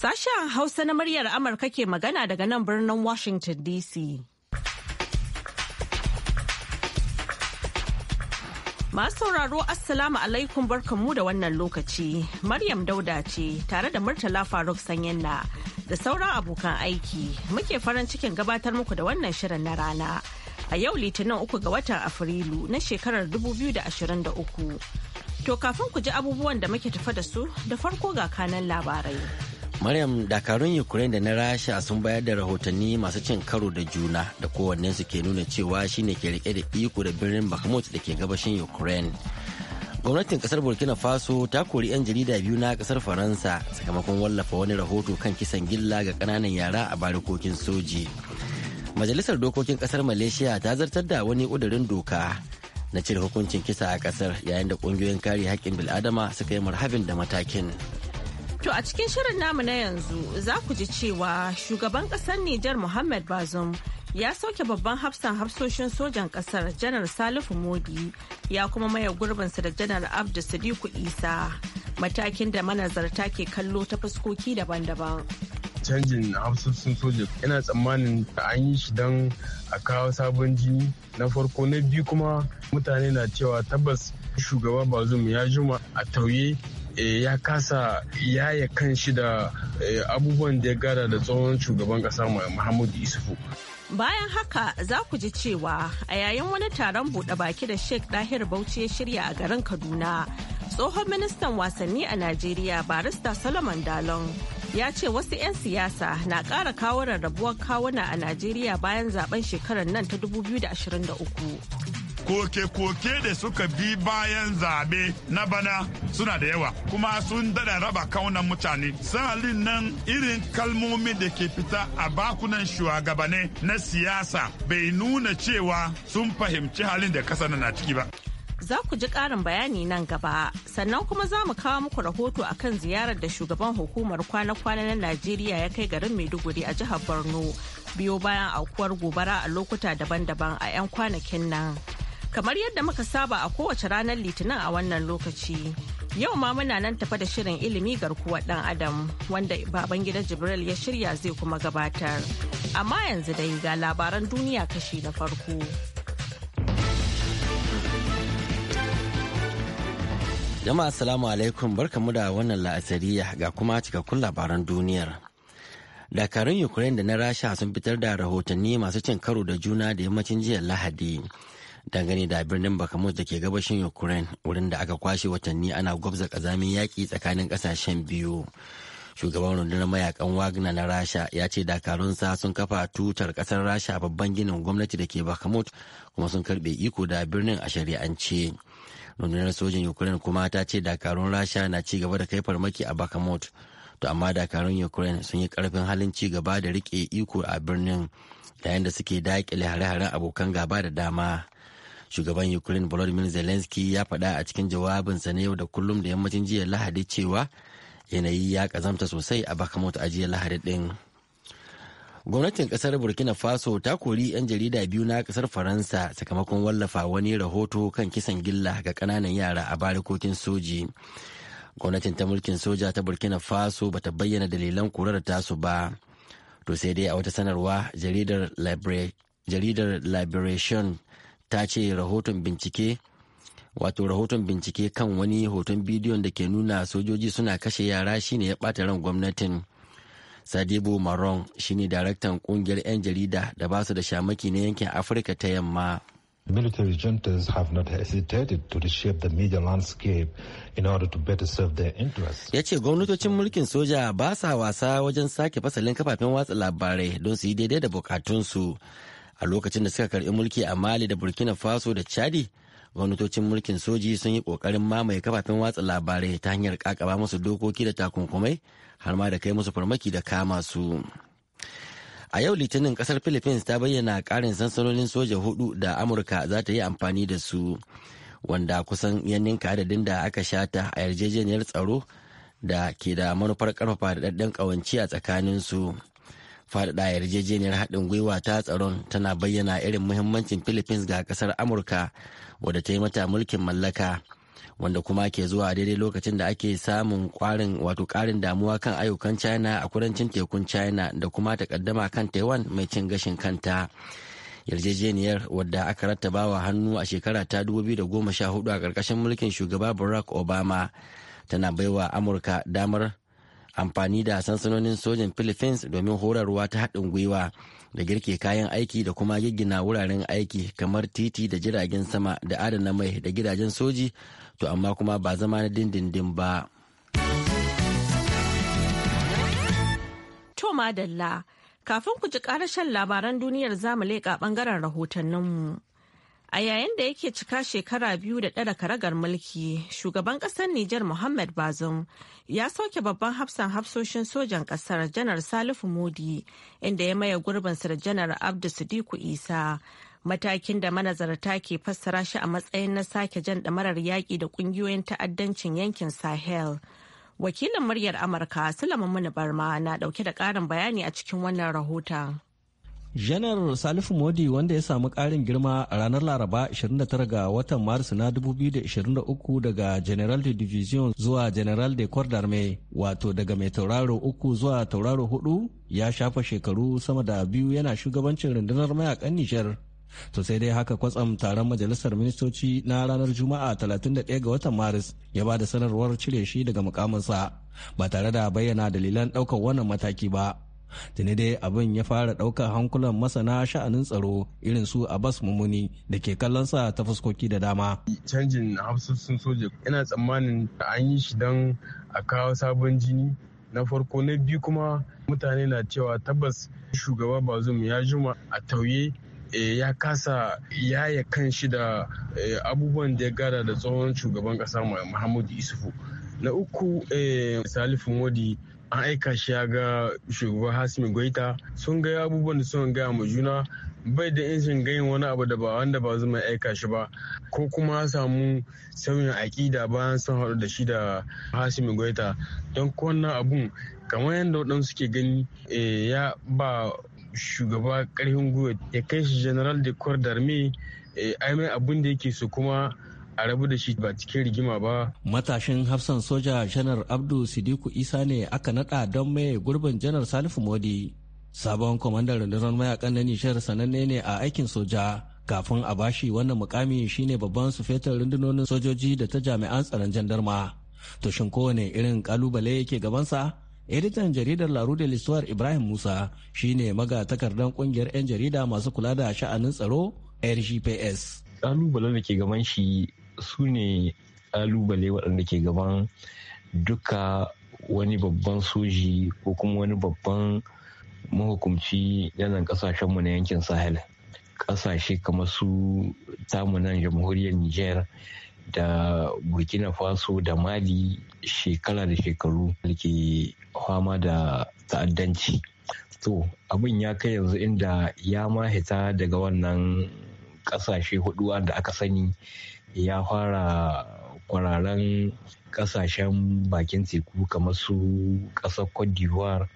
Sashen Hausa na muryar Amurka ke magana daga nan birnin Washington DC. Masu sauraro Assalamu alaikum barkanmu da wannan lokaci. Maryam Dauda ce tare da Murtala Faruk na da sauran abokan aiki muke farin cikin gabatar muku da wannan shirin na rana. A yau Litinin uku ga watan Afrilu na shekarar 2023. To kafin ku ji abubuwan da muke tafa da su da farko ga kanan labarai. Maryam dakarun Ukraine da na Rasha sun bayar da rahotanni masu cin karo da juna da su ke nuna cewa shine ke rike da iko da birnin Bakhmut da ke gabashin Ukraine. Gwamnatin kasar Burkina Faso ta kori 'yan jarida biyu na kasar Faransa sakamakon wallafa wani rahoto kan kisan gilla ga kananan yara a barikokin soji. Majalisar dokokin kasar Malaysia ta zartar da wani ƙudurin doka na cire hukuncin kisa a kasar yayin da ƙungiyoyin kare haƙƙin bil'adama suka yi marhabin da matakin. To a cikin shirin namu na yanzu za ku ji cewa shugaban ƙasar Nijar Muhammad Bazum ya sauke babban hafsan hafsoshin sojan ƙasar janar Salifu Modi ya kuma maye gurbinsa da janar Abdu Sadiku Isa matakin da manazarta ke kallo ta fuskoki daban-daban. canjin hafsoshin soja yana tsammanin an yi shi don a kawo sabon jini na farko na biyu kuma mutane na cewa tabbas shugaba bazum ya juma a tauye Eh, ya kasa yaya kan shi da eh, abubuwan da ya gada da tsohon shugaban kasa muhammadu isufu bayan haka za ku ji cewa a yayin wani taron buɗe baki da sheikh dahir bauchi ya shirya a garin kaduna tsohon ministan wasanni a najeriya barista solomon dalon ya ce wasu 'yan siyasa na ƙara kawo rarrabuwar kawuna a najeriya bayan zaben shekarar nan ta 2023 koke-koke da suka bi bayan zabe na bana suna da yawa kuma sun dada raba kaunan mutane sahalin nan irin kalmomi da ke fita a bakunan shugabane na siyasa bai nuna cewa sun fahimci halin da kasa na ciki ba za ku ji ƙarin bayani nan gaba sannan kuma za mu kawo muku rahoto a kan ziyarar da shugaban hukumar kwana-kwana na najeriya ya kai garin maiduguri a jihar borno biyo bayan aukuwar gobara a lokuta daban-daban a 'yan kwanakin nan. Kamar yadda muka saba a kowace ranar Litinin a wannan lokaci. Yau ma muna nan tafa da shirin ilimi garkuwar ɗan Adam wanda baban gidan Jibril ya shirya zai kuma gabatar. Amma yanzu dai ga labaran duniya kashi na farko. Jama'a salamu alaikum barkamu da wannan la'asariya ga kuma cikakkun labaran duniyar. Dakarun Ukraine da na Rasha sun fitar da rahotanni masu cin karo da juna da yammacin jiya Lahadi. dangane da birnin bakamus da ke gabashin ukraine wurin da aka kwashe watanni ana gwabza kazamin yaƙi tsakanin ƙasashen biyu shugaban rundunar mayakan wagner na rasha ya ce dakarunsa sun kafa tutar ƙasar rasha a babban ginin gwamnati da ke bakamut kuma sun karɓe iko da birnin a shari'ance rundunar sojin ukraine kuma ta ce dakarun rasha na ci gaba da kai farmaki a bakamut to amma dakarun ukraine sun yi karfin halin ci gaba da rike iko a birnin yayin da suke daƙile hare-haren abokan gaba da dama shugaban ukraine volodymyr zelensky ya faɗa a cikin jawabinsa na yau da kullum da yammacin jiya lahadi cewa yanayi ya kazamta sosai a bakamot a jiya lahadi din gwamnatin kasar burkina faso ta kori 'yan jarida biyu na kasar faransa sakamakon wallafa wani rahoto kan kisan gilla ga kananan yara a barikokin soji gwamnatin ta mulkin soja ta burkina faso bata bayyana dalilan korar tasu ba to sai dai a wata sanarwa jaridar liberation ta ce rahoton bincike wato rahoton bincike kan wani hoton bidiyon da ke nuna sojoji suna kashe yara shine ya bata ran gwamnatin sadibu maron shine daraktan kungiyar 'yan jarida da ba su da shamaki na yankin afirka ta yamma Military juntas have not hesitated to reshape the media landscape in order to better serve their interests. Ya ce gwamnatocin mulkin soja ba sa wasa wajen sake fasalin kafafen watsa labarai don su yi daidai da bukatunsu a lokacin da suka karbi mulki a mali da burkina faso da chadi gwamnatocin mulkin soji sun yi kokarin mamaye kafafen watsa labarai ta hanyar kakaba musu dokoki da takunkumai har ma da kai musu farmaki da kama su a yau litinin kasar philippines ta bayyana karin sansanonin soja hudu da amurka za ta yi amfani da su wanda kusan yannin adadin da aka shata a yarjejeniyar tsaro da ke da manufar karfafa da ɗaɗɗen kawanci a tsakaninsu. su faɗaɗa yarjejeniyar haɗin gwiwa ta tsaron tana bayyana irin muhimmancin philippines ga ƙasar amurka wadda ta yi mata mulkin mallaka wanda kuma ke zuwa daidai lokacin da ake samun ƙwarin wato karin damuwa kan ayyukan china a kudancin tekun china da kuma takaddama kan taiwan mai cin gashin kanta yarjejeniyar wadda aka rattaba wa hannu a shekara ta 2014 a ƙarƙashin mulkin shugaba barack obama tana baiwa amurka damar amfani da sansanonin sojin philippines domin horarwa ta haɗin gwiwa da girke kayan aiki da kuma giggina wuraren aiki kamar titi da jiragen sama da adana mai da gidajen soji to amma kuma ba zama na dindindin ba. To madalla kafin ku ji karashen labaran duniyar zamu leƙa ɓangaren rahotanninmu. A yayin da yake cika shekara biyu da ɗara karagar mulki, shugaban ƙasar Nijar Muhammad Bazum ya sauke babban hafsan hafsoshin sojan ƙasar Janar Salifu Modi, inda ya maye gurbinsa da Janar Abdu Sadiku Isa. Matakin da manazarta ke fassara shi a matsayin na sake jan ɗamarar yaƙi da ƙungiyoyin ta'addancin yankin Sahel. Wakilin muryar Amurka Sulaiman Muni Barma na ɗauke da ƙarin bayani a cikin wannan rahoton. janar salifu modi wanda ya samu karin girma a ranar laraba 29 ga watan maris na 2023 daga general de division zuwa general de corps d'armée wato daga mai tauraro uku zuwa tauraro hudu ya shafa shekaru sama da biyu yana shugabancin rundunar mayakan nijar to sai dai haka kwatsam taron majalisar ministoci na ranar juma'a 31 ga watan maris ya ba da sanarwar cire shi daga mukaminsa ba tare da bayyana dalilan ɗaukar wannan mataki ba tuni dai abin ya fara ɗaukar hankulan masana sha'anin tsaro irin su bas mumuni da ke kallon sa ta fuskoki da dama canjin hafsassun soja ina tsammanin an yi shi don a kawo sabon jini na farko na biyu kuma mutane na cewa tabbas shugaba bazum ya juma a tauye eh, ya kasa yaya kan shi da eh, abubuwan da ya gada da tsohon shugaban kasa muhammadu isufu na uku eh, salifu modi an aika shi ya ga shugaban hasimi goita sun ga abubuwan da sun gaya ma juna bai da injin gayin wani abu da ba wanda ba zama aika shi ba ko kuma samu sauyin aƙida bayan sun haɗu da shi da hasimi goita don wannan abun kamar yadda waɗansu suke gani eh, ya ba shugaba ƙarfin gwiwa ya kai shi general de corps d'armee eh, ai mai abun da yake su kuma a rabu da shi ba cikin rigima ba. Matashin hafsan soja janar Abdu Sidiku Isa ne aka nada don mai gurbin janar Salifu Modi. Sabon kwamandan rundunar mayakan na nishar sananne ne a aikin soja. Kafin a bashi wannan mukami shine babban su sufetar rundunonin sojoji da ta jami'an tsaron jandarma. To shin kowane irin kalubale yake gabansa? editan jaridar laru da lissuwar ibrahim musa shine maga takardar kungiyar 'yan jarida masu kula da sha'anin tsaro rgps kalubalen da ke gaban shi su ne kalubale waɗanda ke gaban duka wani babban soji ko kuma wani babban mahukumci yanan ƙasashenmu na yankin sahel ƙasashe kamar su Tamunan nan jamhuriyar niger da burkina faso da mali shekara da shekaru ke fama da ta'addanci to abin ya kai yanzu inda ya mahita daga wannan ƙasashe hudu da aka sani ya fara kwararren kasashen bakin teku kamar su ƙasar cote d'ivoire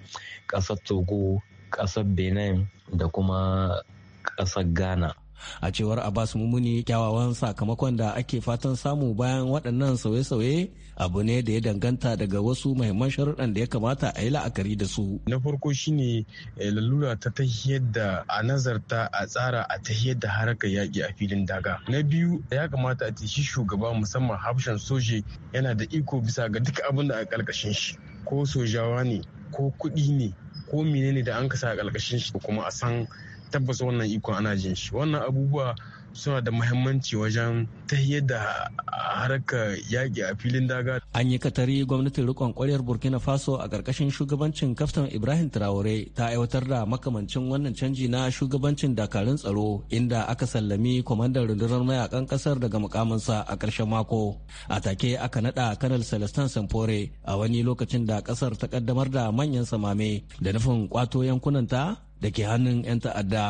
ƙasar togo ƙasar benin da kuma ƙasar ghana a cewar a basu mumuni kyawawan sakamakon da ake fatan samu bayan waɗannan sauye-sauye abu ne da ya danganta daga wasu mahimman sharuɗan da ya kamata a yi la'akari da su na farko shine eh, lalura ta ta da a nazarta a tsara a tahiyar da harakar yaƙi a filin daga na biyu ya kamata a shi shugaba musamman hafshan soje yana da iko bisa ga duk abin da a ƙarƙashin shi ko sojawa ne ko kuɗi ne ko menene da an kasa a ƙarƙashin shi kuma a san tabbas wannan ikon ana jin shi wannan abubuwa suna da muhimmanci wajen ta da haraka yaƙi a filin daga. An yi katari gwamnatin rikon kwaryar Burkina Faso a ƙarƙashin shugabancin kaftan Ibrahim Traore ta aiwatar da makamancin wannan canji na shugabancin dakarun tsaro inda aka sallami kwamandan rundunar mayakan ƙasar daga mukaminsa a ƙarshen mako. A take aka naɗa Kanal Celestin Sampore a wani lokacin da kasar ta ƙaddamar da manyan samame da nufin ƙwato yankunanta da ke hannun 'yan ta'adda.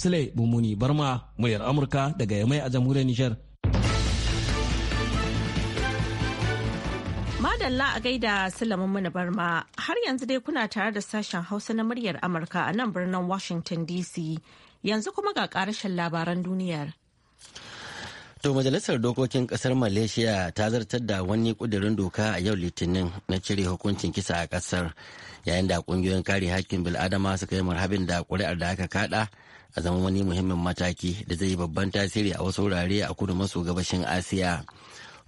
Sule Mumuni Barma, muryar Amurka daga Yamai a jamhuriyar Nijar. Madalla a gaida Sulaiman Muna Barma, har yanzu dai kuna tare da sashen Hausa na muryar Amurka a nan birnin Washington DC. Yanzu kuma ga karashen labaran duniyar. To majalisar dokokin kasar Malaysia ta zartar da wani kudirin doka a yau litinin na cire hukuncin kisa a kasar yayin da kungiyoyin kare hakkin bil'adama suka yi marhabin da kuri'ar da aka kada a zama wani muhimmin mataki da zai yi babban tasiri a wasu wurare a kudu maso gabashin asiya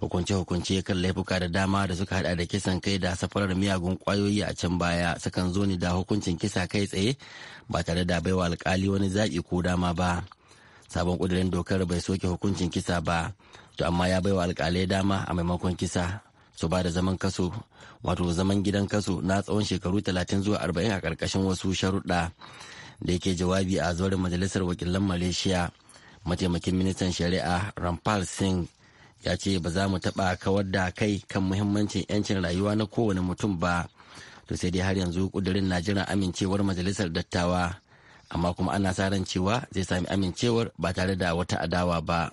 hukunce-hukunce kan laifuka da dama da suka hada da kisan kai da safarar miyagun kwayoyi a can baya sukan zo ne da hukuncin kisa kai tsaye ba tare da baiwa alkali wani zaɓi ko dama ba sabon kudirin dokar bai soke hukuncin kisa ba to amma ya baiwa alkalai dama a maimakon kisa su ba da zaman kaso wato zaman gidan kaso na tsawon shekaru 30 zuwa 40 a ƙarƙashin wasu sharuɗa da yake jawabi a zuwarin majalisar wakilan malaysia mataimakin ministan shari'a rampal singh ya ce ba za mu taɓa kawar da kai kan muhimmancin 'yancin rayuwa na kowane mutum ba to sai dai har yanzu ƙudurin na jiran amincewar majalisar dattawa amma kuma ana sa ran cewa zai sami amincewar ba tare da wata adawa ba.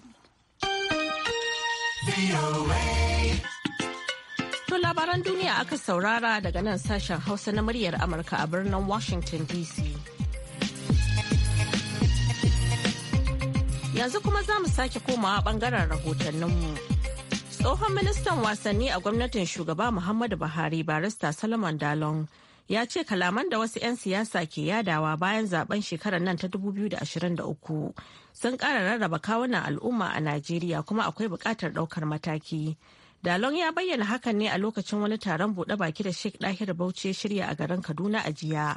labaran duniya aka saurara daga nan sashen Hausa na muryar Amurka a birnin Washington DC. Yanzu kuma za mu sake komawa bangaren rahotanninmu. Tsohon ministan wasanni a gwamnatin shugaba Muhammadu Buhari barista Solomon Dalon ya ce kalaman da wasu 'yan siyasa ke yadawa bayan zaben shekarar nan ta 2023 sun ƙara rarraba kawunan al'umma a Najeriya kuma akwai buƙatar ɗaukar mataki. Dalon ya bayyana hakan ne a lokacin wani taron buɗe baki da Sheikh Dahir Bauchi shirya a garin Kaduna a jiya.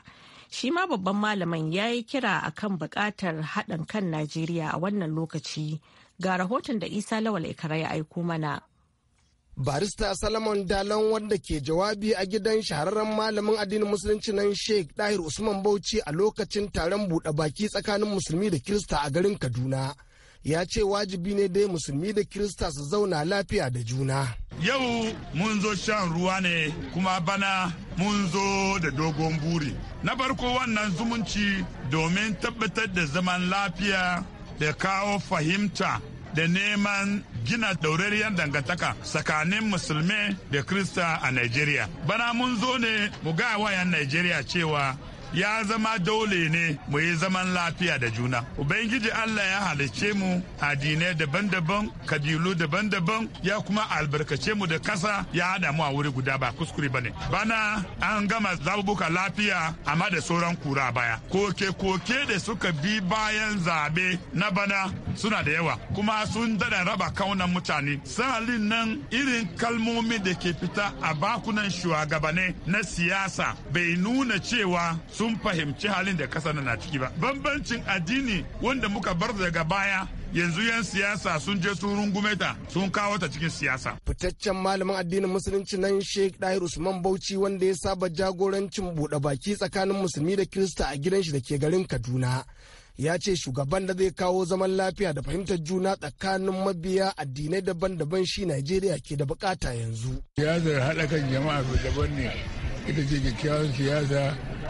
Shi ma babban malamin ya yi kira a kan buƙatar haɗin kan Najeriya a wannan lokaci. Ga rahoton da Isa Lawal Ikara ya aiko mana. barista Salomon Dalon wanda ke jawabi a gidan shahararren malamin addinin musulunci nan Sheikh Dahir Usman Bauchi a lokacin taron buɗe baki tsakanin musulmi da Kirista a garin Kaduna ya ce wajibi ne dai musulmi da kirista su zauna lafiya da juna. Yau mun zo shan ruwa ne kuma bana mun zo da dogon buri. Na farko wannan zumunci domin tabbatar da zaman lafiya da kawo fahimta da neman gina ɗaurariyar dangantaka tsakanin musulmi da krista a Nigeria. Bana mun zo ne mu ga wayan Najeriya cewa ya zama dole ne mu yi zaman lafiya da juna. Ubangiji Allah ya halicce mu addinai daban-daban, kabilu daban-daban, ya kuma albarkace mu da kasa ya hada mu a wuri guda ba kuskure bane. Bana an gama zabuka lafiya amma da sauran kura baya. Koke-koke da suka bi bayan zaɓe na bana suna da yawa kuma sun dada raba kaunan mutane. Sahalin nan irin kalmomi da ke fita a bakunan shugabanni na siyasa bai nuna cewa sun fahimci halin da kasa na ciki ba bambancin addini wanda muka bar daga baya yanzu 'yan siyasa sun je sun rungume ta sun kawo ta cikin siyasa. Fitaccen malamin addinin musulunci nan Sheikh Dahir Usman Bauchi wanda ya saba jagorancin buɗe baki tsakanin musulmi da Kirista a gidan shi da ke garin Kaduna. ya ce shugaban da zai kawo zaman lafiya da fahimtar juna tsakanin mabiya addinai daban-daban shi Najeriya ke da bukata yanzu. Siyasar hada kan jama'a daban ne ita ce kyakkyawan siyasa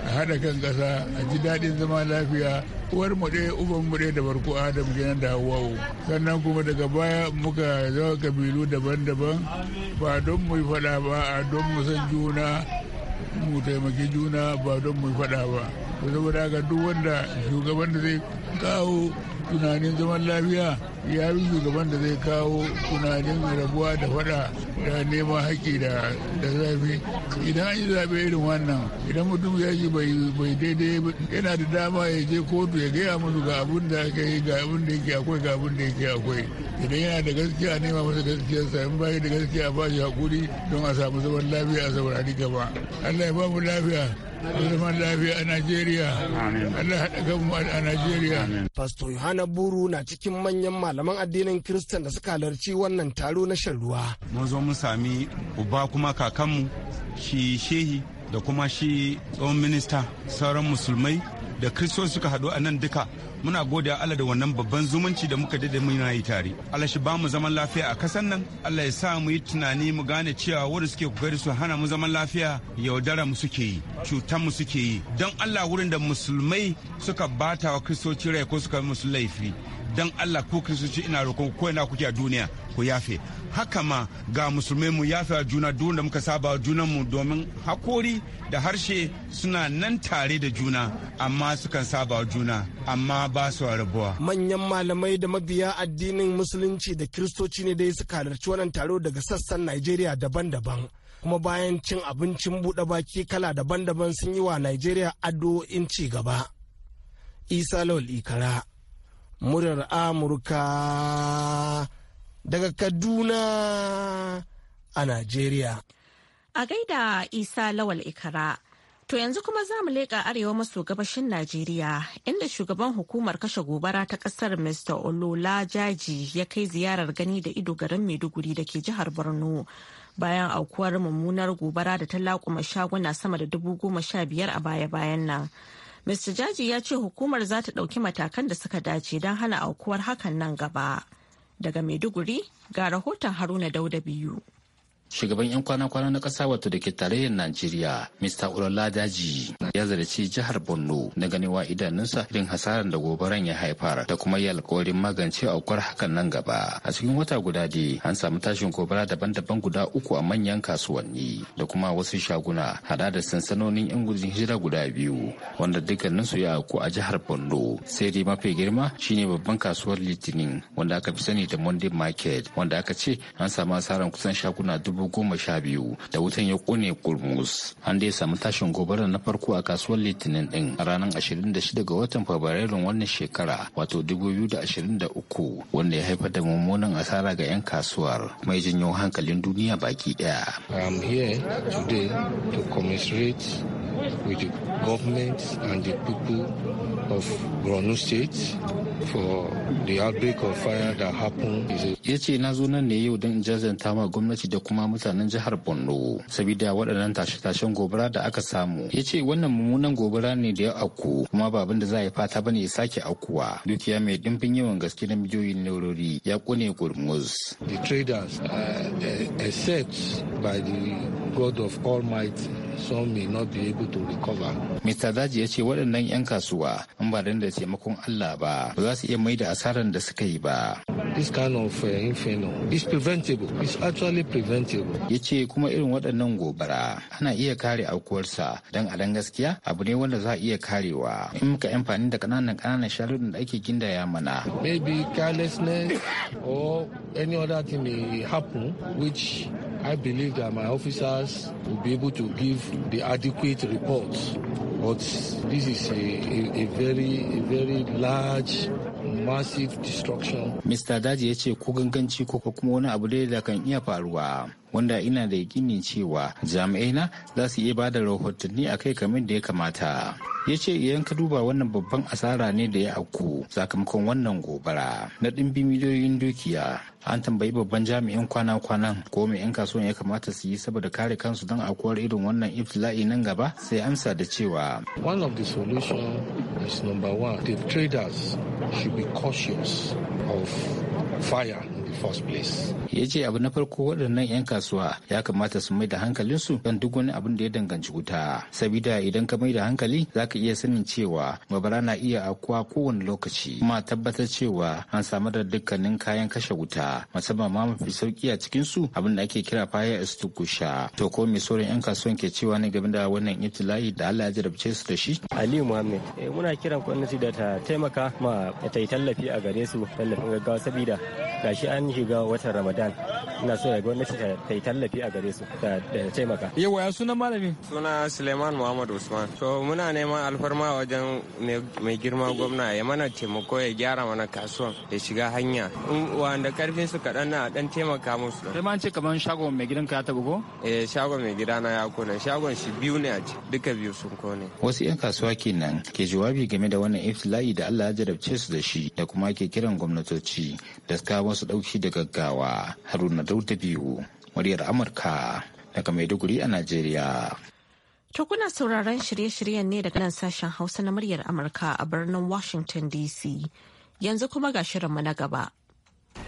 a haɗa kan ƙasa a ji daɗin zama lafiya uwar mu ɗaya uban mu ɗaya da barko adam kenan da hawa'u sannan kuma daga baya muka zama kabilu daban-daban ba don mu faɗa ba a don mu san juna mu taimaki juna ba don mu faɗa ba saboda haka duk wanda shugaban da zai kawo tunanin zaman lafiya ya yi shugaban da zai kawo tunanin rabuwa da fada da neman haƙƙi da zafi idan an yi zaɓe irin wannan idan mutum ya shi bai daidai yana da dama ya je kotu ya gaya musu ga abun da aka yi ga abun da yake akwai ga abun da yake akwai idan yana da gaskiya nema masa sa in ba da gaskiya ba shi hakuri don a samu zaman lafiya a saurari gaba allah ya ba mu lafiya zaman lafiya a Najeriya. Allah haɗa kanmu a Najeriya. Pastor Yohana Buru na cikin manyan malamai malaman addinin kiristan da suka halarci wannan taro na shan ruwa mun zo mun sami uba kuma kakanmu shi shehi da kuma shi tsohon minista sauran musulmai da kristo suka haɗu a nan duka muna gode Allah da wannan babban zumunci da muka da muna yi tare Allah shi ba mu zaman lafiya a kasan nan Allah ya sa mu yi tunani mu gane cewa wanda suke kokari su hana mu zaman lafiya yaudara mu suke yi cutan mu suke yi don Allah wurin da musulmai suka batawa wa kristoci rai ko suka musu laifi dan Allah ko kristoci ina roƙon ko ina kuke a duniya ku yafe haka ma ga musulmai mu yafe a juna duk da muka saba junan mu domin hakori da harshe suna nan tare da juna amma sukan saba juna amma ba su rabuwa manyan malamai da mabiya addinin musulunci da kristoci ne dai suka halarci wannan taro daga sassan Najeriya daban-daban kuma bayan cin abincin buɗe baki kala daban-daban sun yi wa Najeriya addu'o'in ci gaba. Isa Lawal Ikara murar Amurka daga Kaduna a Najeriya. A gaida Isa Lawal Ikara. To yanzu kuma za mu leƙa arewa maso gabashin Najeriya inda shugaban hukumar kashe gobara ta ƙasar Mr. Olola Jaji ya kai ziyarar gani da ido garin Maiduguri da ke jihar Borno bayan aukuwar mummunar gobara da ta laƙuma shaguna sama da dubu goma sha biyar a baya-bayan nan. Mr. Jaji ya ce hukumar za ta ɗauki matakan da suka dace don hana aukuwar hakan nan gaba. Daga Maiduguri ga rahoton Haruna Dauda biyu. shugaban 'yan kwana-kwana na kasa wato da ke tarayyar najeriya mr ulola daji ya zarci jihar borno na ganewa idanunsa irin hasaran da gobaran ya haifar da kuma yi alkawarin magance aukuwar hakan nan gaba a cikin wata guda dai an samu tashin gobara daban-daban guda uku a manyan kasuwanni da kuma wasu shaguna hada da sansanonin 'yan gudun hijira guda biyu wanda dukkaninsu ya auku a jihar borno sai dai mafi girma shine babban kasuwar litinin wanda aka fi sani da monday market wanda aka ce an samu hasaran kusan shaguna dubu dubu goma sha biyu da wutan ya kone kurmus an dai samu tashin gobara na farko a kasuwar litinin din ranar 26 ga watan fabrairun wannan shekara wato uku wanda ya haifar da mummunan asara ga 'yan kasuwar mai janyo hankalin duniya baki daya. here today to with the government and the people of Borno State for the outbreak of fire that happened. Ya ce na zo nan ne yau don jazanta ma gwamnati da kuma mutanen jihar Borno sabida waɗannan tashe-tashen gobara da aka samu. Ya ce wannan mummunan gobara ne da ya auku kuma ba da za a yi fata bane ya sake aukuwa. Dukiya mai dimbin yawan gaske na miliyoyin naurori ya kone gurmus. The traders are, uh, uh by the God of Almighty some may not be able to recover. Mr. Daji ya ce waɗannan 'yan kasuwa in ba da taimakon Allah ba ba za su iya mai da asarar da suka yi ba. This kind of uh, inferno is preventable. It's actually preventable. Ya ce kuma irin waɗannan gobara ana iya kare aukuwarsa don a dan gaskiya abu ne wanda za a iya karewa in muka amfani da ƙananan ƙananan shalurin da ake gindaya mana. Maybe carelessness or any other thing may happen which I believe that my officers will be able to give the adequate reports But this is a, a, a very, a very large massive destruction. Mr. Daji ya ce ko ganganci ko kuma wani abu dai da kan iya faruwa. Wanda ina da yakinin cewa jami'ai na za su iya bada rahotanni a kai kamar da ya kamata. Ya ce idan ka duba wannan babban asara ne da ya auku sakamakon wannan gobara na ɗimbi miliyoyin dukiya. An tambayi babban jami'in kwana-kwanan ko mai 'yan kasuwan ya kamata su yi saboda kare kansu don akuwar irin wannan iftila'i nan gaba sai amsa da cewa One of the solutions is number one, the traders should be cautious of fire the first place. Ya ce abu na farko waɗannan 'yan kasuwa ya kamata su mai da hankalinsu don duk wani abin da ya danganci wuta. Sabida idan ka mai da hankali za ka iya sanin cewa mabara na iya akuwa kowane lokaci. Kuma tabbatar cewa an samar da dukkanin kayan kashe wuta musamman ma mafi sauki a cikinsu abin da ake kira fire extinguisher. To ko mai sauran 'yan kasuwan ke cewa ne game da wannan itilayi da Allah ya jarabce su da shi? Aliyu Muhammad, eh, muna kiran gwamnati da ta taimaka ma ta yi tallafi a gare su tallafin gaggawa sabida gashi an shiga watan Ramadan ina so ya gwamnati ta yi tallafi a gare su ta taimaka yawa ya sunan malami suna suleiman muhammad usman to muna neman alfarma wajen mai girma gwamna ya mana taimako ya gyara mana kasuwan ya shiga hanya wanda karfin su kaɗan na dan taimaka musu sai ma ce kamar shagon mai gidan ya taɓa ko eh shagon mai gidana ya kone shagon shi biyu ne a duka biyu sun kone wasu 'yan kasuwa kenan ke jawabi game da wannan iftila'i da Allah ya jarabce su da shi da kuma ke kiran gwamnatoci da su kawo su ɗauki da gaggawa haruna Dauda biyu muryar Amurka daga Maiduguri a Najeriya. To kuna sauraron shirye-shiryen ne daga nan sashen Hausa na muryar Amurka a birnin Washington DC. Yanzu kuma ga shirinmu na gaba.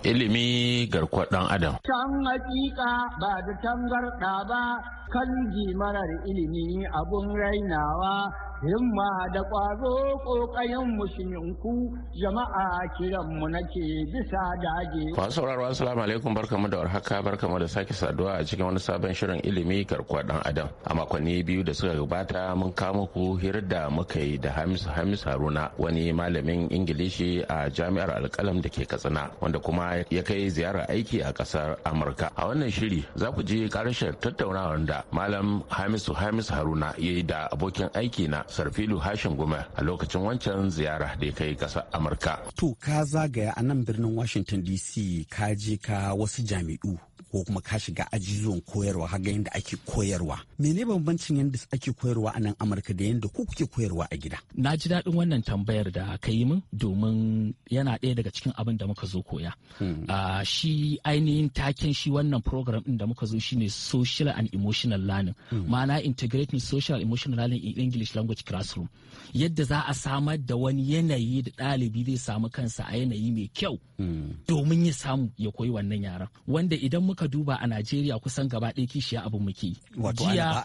ilimi garkuwar dan adam. Can hakika ba da tangarɗa ba kan marar ilimi abun rainawa himma da ƙwazo ƙoƙayen musulunku jama'a kiranmu nake bisa dage. Masu sauraro assalamu alaikum barkamu da warhaka barkamu da sake saduwa a cikin wani sabon shirin ilimi garkuwa dan adam. A makonni biyu da suka gabata mun kama ku hirar da muka yi da Hamisu Hamisu Haruna wani malamin Ingilishi a jami'ar alƙalam da ke Katsina wanda kuma kuma ya kai ziyarar aiki a kasar amurka a wannan shiri za ku ji karshen tattaunawar da malam hamisu hamis haruna ya yi da abokin aiki na sarfilu hashin goma a lokacin wancan ziyara da ya kai kasar amurka to ka zagaya a nan birnin washington dc ka je ka wasu jami'u ko kuma ka shiga ajizuwan zuwan koyarwa ga yadda ake koyarwa mene bambancin yadda ake koyarwa a nan amurka da yadda ku kuke koyarwa a gida na ji daɗin wannan tambayar da ka yi min domin yana ɗaya daga cikin abin da muka zo koya hmm. ah, shi ainihin taken shi wannan program din da muka zo shine social and emotional learning hmm. ma'ana integrating social emotional learning in english language classroom yadda za a samar da wani yanayi da ɗalibi zai samu kansa a yanayi mai kyau hmm. domin ya samu ya koyi wannan yaran wanda idan muka muka duba a Najeriya kusan gaba ɗaya kishiya abin muke. Jiya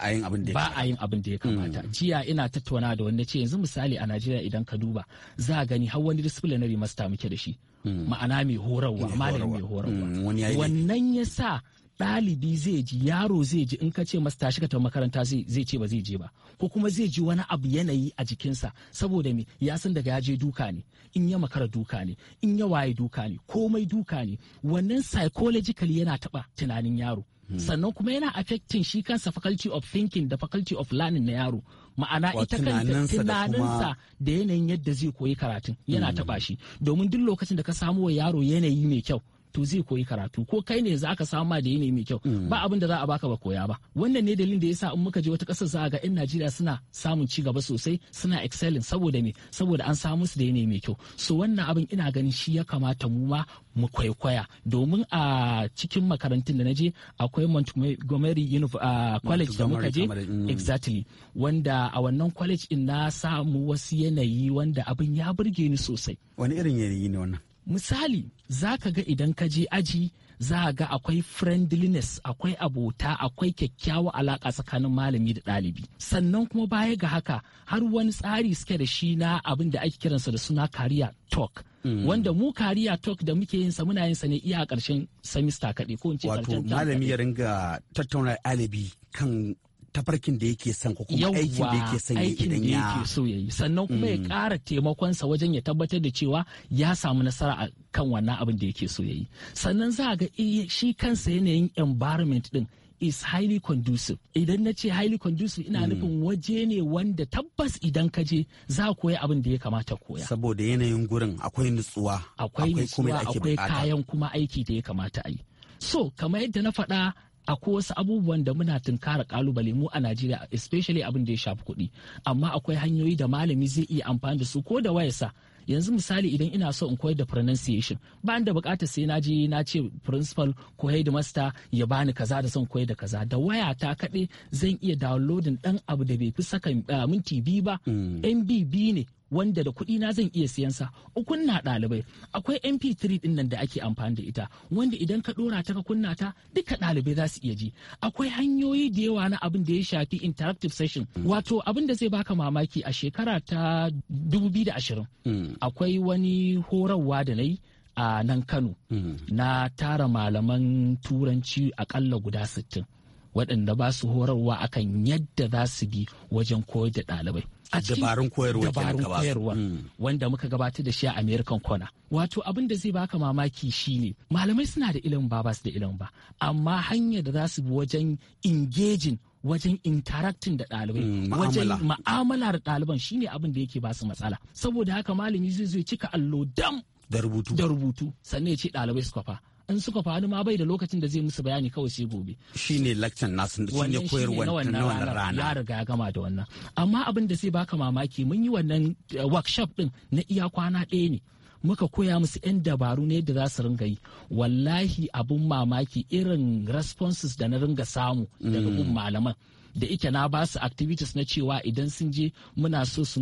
ba a yin abin da ya kamata. Hmm. Jiya ina tattauna da wanda ce yanzu misali a Najeriya idan ka duba za a gani har wani disciplinary master muke da shi. Hmm. Ma'ana mai horarwa, malami mai horarwa. Hmm, Wannan ya sa ɗalibi zai ji yaro zai ji in ka ce masa tashi ka tafi makaranta zai ce ba zai je ba ko kuma zai ji wani abu yanayi a jikinsa saboda me ya san daga ya je duka ne in ya makara duka ne in ya waye duka ne komai duka ne wannan psychologically yana taba tunanin yaro hmm. sannan kuma yana affecting shi kansa faculty of thinking da faculty of learning na yaro ma'ana ita kanta tunaninsa da yanayin yadda zai koyi karatun yana hmm. taba shi domin duk lokacin da ka samu wa yaro yanayi mai kyau to zai koyi karatu ko kai ne za ka samu ma da yanayi mai kyau mm. ba abin da za a baka ba koya ba wannan ne dalilin da yasa in muka je wata kasar za ga 'yan Najeriya suna samun ci gaba sosai suna excelling saboda me saboda an samu su da yanayi mai kyau so wannan abin ina ganin shi ya kamata mu ma mu kwaikwaya domin a cikin makarantun da na je akwai Montgomery College da muka je exactly wanda a wannan college in na samu wasu yanayi wanda abin ya burge ni sosai wani irin yanayi ne wannan misali za ka ga idan ka je aji za a ga akwai friendliness akwai abota akwai kyakkyawa alaka tsakanin malami da ɗalibi sannan kuma baya ga haka har wani tsari suke da shi na abin da ake kiransa da suna kariya talk hmm. wanda mu kariya talk da muke yin sa muna yin sa ne iya a ƙarshen semester kaɗai ko in ce wato malami ya ringa tattauna ɗalibi kan tafarkin da yake son ko kuma aikin da yake son ya idan ya so ya sannan kuma ya mm. ƙara taimakonsa wajen ya tabbatar da cewa ya samu nasara a kan wannan abin da yake so ya yi sannan za ga eh, shi kansa yanayin environment din is highly conducive idan na ce highly conducive ina mm. nufin waje ne wanda tabbas idan ka je za koya abin da ya kamata koya saboda yanayin gurin akwai nutsuwa akwai nutsuwa akwai kayan kuma aiki da ya kamata a yi so kamar yadda na faɗa akwai wasu abubuwan da muna tunkara kalubale mu a Najeriya especially abin da ya shafi kuɗi amma akwai hanyoyi da malami zai iya amfani da su ko da wayarsa yanzu misali idan ina so in koyar da pronunciation ba da bukatar sai na je na ce principal ko headmaster ya bani kaza da son koyar da kaza da waya ta kaɗai zan iya downloading dan abu da bai fi saka ah, minti biyu ba mb mm. biyu ne wanda da kuɗi na zan iya siyan sa ukun na ɗalibai akwai mp3 din nan da ake amfani da ita wanda idan ka ɗora ta ka kunna ta duka ɗalibai za su iya ji akwai hanyoyi da yawa na abin da ya shafi interactive session wato abin da zai baka mamaki a shekara ta ashirin. Hmm. akwai wani horarwa da na yi a nan kano hmm. na tara malaman turanci akalla guda sittin. waɗanda ba su horarwa akan yadda za su bi wajen koyar da ɗalibai. a dabarun koyarwa dabarun hmm. koyarwa wanda muka gabatar da shi a American kona wato abin da zai baka mamaki shine malamai suna da ilimin ba ba su da ilimin ba amma hanyar da za su bi wajen engaging wajen interacting da ɗalibai hmm, wajen ma'amala da ɗaliban shine abin da yake ba su matsala saboda haka malami zai zo ya cika allo dam da rubutu da rubutu sannan ya ce ɗalibai su kwafa in suka faru ma bai da lokacin da zai musu bayani kawai sai gobe shine lakcan nasu da koyarwa na wannan rana ya riga ya gama da wannan amma abin da zai baka mamaki mun yi wannan eh, workshop din na iya kwana ɗaya ne muka koya musu 'yan dabaru ne yadda za su ringa yi wallahi abun mamaki irin responses da na ringa samu daga mm. gun malaman da ike na ba su activities na cewa idan sun je muna so su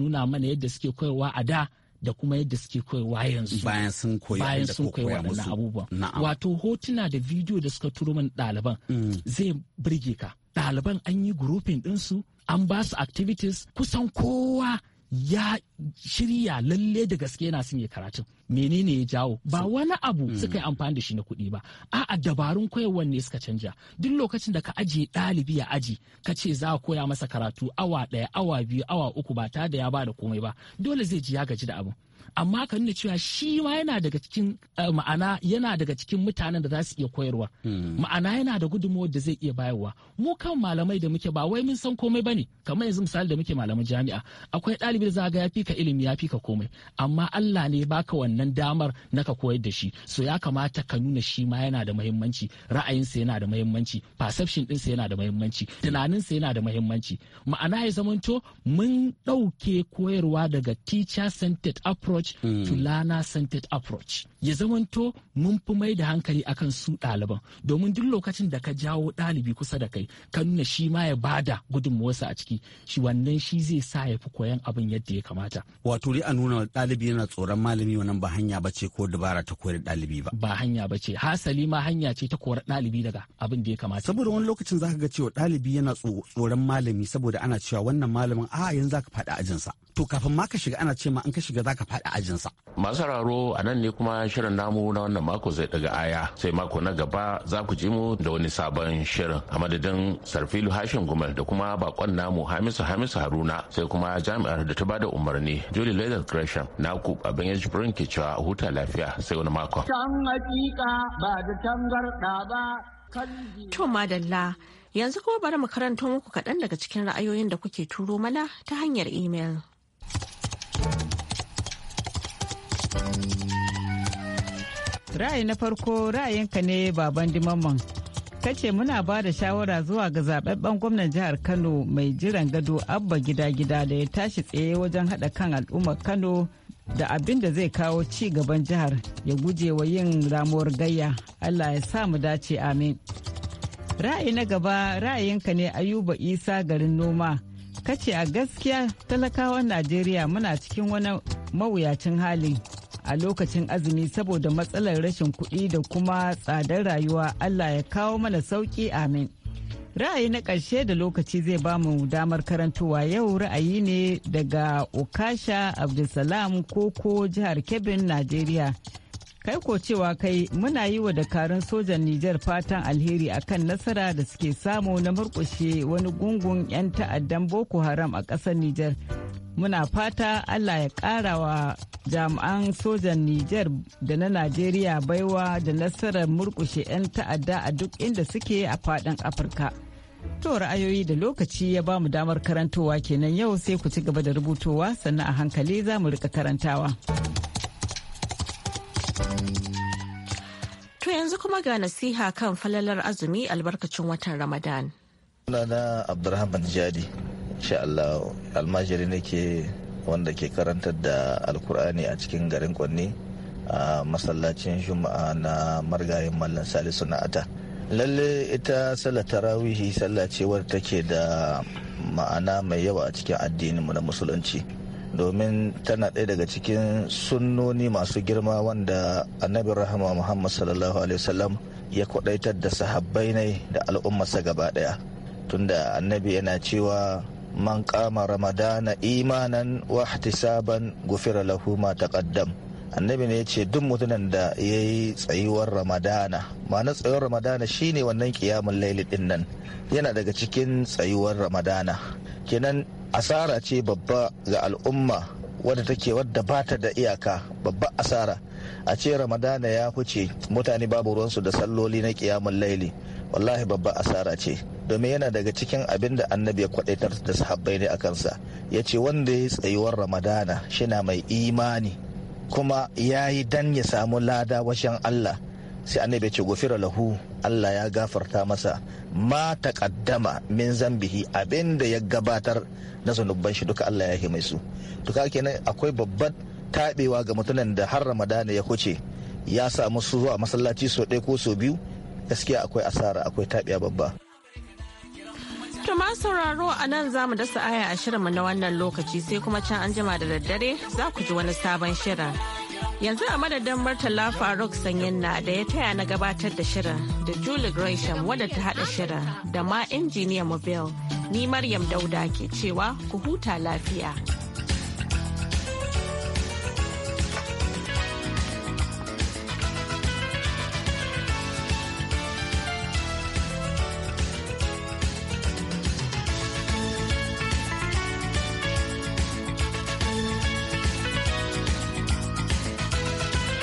nuna mana yadda suke koyarwa a da da kuma yadda suke koyarwa yanzu bayan sun koyi bayan sun koyi waɗannan abubuwa. wato hotuna da video da suka turo min ɗaliban mm. zai burge ka ɗaliban an yi grouping su. an ba su activities kusan kowa ya shirya lalle da gaske yana son ya karatu menene ya jawo ba wani abu mm. suka yi amfani da shi na kuɗi ba a'a dabarun koyarwar ne suka canja duk lokacin da ka ajiye ɗalibi ya aji ka ce za a koya masa karatu awa ɗaya awa biyu awa uku ba ta da ya ba da komai ba dole zai ji ya gaji da abin amma ka nuna cewa shi ma yana daga cikin eh, ma'ana yana daga cikin mutanen da za su iya koyarwa hmm. ma'ana yana da gudunmawar da zai iya bayarwa mu kan malamai da muke ba wai mun san komai bane kamar yanzu misali da muke malaman jami'a akwai ɗalibi da za ga ya fika ilimi ya fika komai amma Allah ne baka wannan damar na ka koyar da shi so ya kamata ka nuna shi ma yana da muhimmanci ra'ayinsa yana da muhimmanci perception ɗinsa yana da muhimmanci tunaninsa yana da muhimmanci ma'ana ya zamanto mun ɗauke koyarwa daga teacher centered approach approach to hmm. learner centered approach ya zamanto mun fi mai da hankali akan su ɗaliban domin duk lokacin da ka jawo ɗalibi kusa da kai ka nuna shi ma ya bada gudunmawarsa a ciki shi wannan shi zai sa ya fi koyan abin yadda ya kamata wato dai a nuna ɗalibi yana tsoron malami wannan ba hanya ba ce ko dabara ta koyar ɗalibi ba ba hanya ba ce hasali ma hanya ce ta koyar ɗalibi daga abin da ya kamata saboda wani lokacin zaka ga cewa ɗalibi yana tsoron malami saboda ana cewa wannan malamin a yanzu zaka faɗi ajinsa to kafin ma ka shiga ana ce ma an ka shiga zaka faɗi ajinsa. Masu raro a nan ne kuma shirin namu na wannan mako zai daga aya sai mako na gaba za ku ji mu da wani sabon shirin a madadin Sarfilu hashin Gumal da kuma bakon namu Hamisu Hamisu Haruna sai kuma jami'ar da ta ba da umarni juli Leather Gresham na ku abin yaji burin ke cewa huta lafiya sai wani mako. To madalla yanzu kuma bari mu karanto muku kaɗan daga cikin ra'ayoyin da kuke turo mana ta hanyar imel. Ra'ayi na farko ra'ayinka ne baban dimamman. Kace muna ba da shawara zuwa ga zababben gwamnan jihar Kano mai jiran gado abba gida-gida da ya tashi tsaye wajen haɗa kan al'ummar Kano da abin da zai kawo ci gaban jihar ya guje wa yin ramuwar gayya Allah ya sa mu dace amin ra'ayi na gaba ra'ayinka ne ayuba isa garin noma kace a gaskiya talakawan najeriya muna cikin wani mawuyacin hali a lokacin azumi saboda matsalar rashin kuɗi da kuma tsadar rayuwa Allah ya kawo mana sauƙi amin. Ra'ayi na ƙarshe da lokaci zai ba mu damar karantowa yau ra'ayi ne daga Okasha Abdulsalam Koko jihar Kebbin, Najeriya. kai ko cewa kai muna yi wa dakarun sojan Nijar fatan alheri akan nasara da suke samu na murkushe wani gungun 'yan ta'addan Boko Haram a ƙasar Nijar. Muna fata Allah ya ƙara wa jami'an sojan Nijar da na Najeriya baiwa da nasarar murkushe 'yan ta'adda a duk inda suke a faɗin Afirka. To ra'ayoyi da lokaci ya ba mu damar karantowa kenan yau sai ku ci gaba da rubutowa sannan a hankali za mu rika karantawa. To yanzu kuma ga nasiha kan falalar azumi albarkacin watan Ramadan. Sunana Abdurrahman Jadi, insha Allah almajiri nake wanda ke karantar da alkur'ani a cikin garin Kwanni a masallacin Juma'a na margayin Mallam Salisu na'ata. Lalle ita sallar tarawihi sallah ce wadda take da ma'ana mai yawa a cikin addinin mu na musulunci. domin tana ɗaya daga cikin sunnoni masu girma wanda annabi rahama muhammad sallallahu alaihi wasallam ya kwadaitar da sahabbai ne da al'ummarsa gaba ɗaya tunda annabi yana cewa man kama ramadana imanan wa ihtisaban gufira lahu ma taqaddam annabi ne ya ce duk mutumin da ya yi tsayuwar ramadana ma'ana tsayuwar ramadana shine wannan kiyamun laili din nan yana daga cikin tsayuwar ramadana kenan asara ce babba ga al'umma wadda take wadda ba ta da iyaka babba asara a ce ramadana ya huce mutane babu ruwansu da salloli na kiyamun laili wallahi babba asara ce domin yana daga cikin abin da annabi ya kwadaitar da sahabbai ne a kansa ya ce wanda ya yi tsayuwar ramadana shina mai imani kuma ya yi dan ya samu lada washen allah sai annabi ce gofira lahu Allah ya gafarta masa ma taqaddama min zambihi abinda ya gabatar na zanubban shi duka Allah ya yi mai su to kenan akwai babban tabewa ga mutanen da har Ramadana ya kuce ya sa musu zuwa masallaci so ɗaya ko so biyu gaskiya akwai asara akwai tabiya babba To sauraro a nan za mu dasa aya a shirinmu na wannan lokaci sai kuma can an jima da daddare za ku ji wani sabon shirin. Yanzu a madadin Murtala Faruk Sanyin na da ya taya na gabatar da shirin da Julie Gresham wadda ta haɗa shirin da ma injiniya Mobile ni Maryam Dauda ke cewa ku huta lafiya.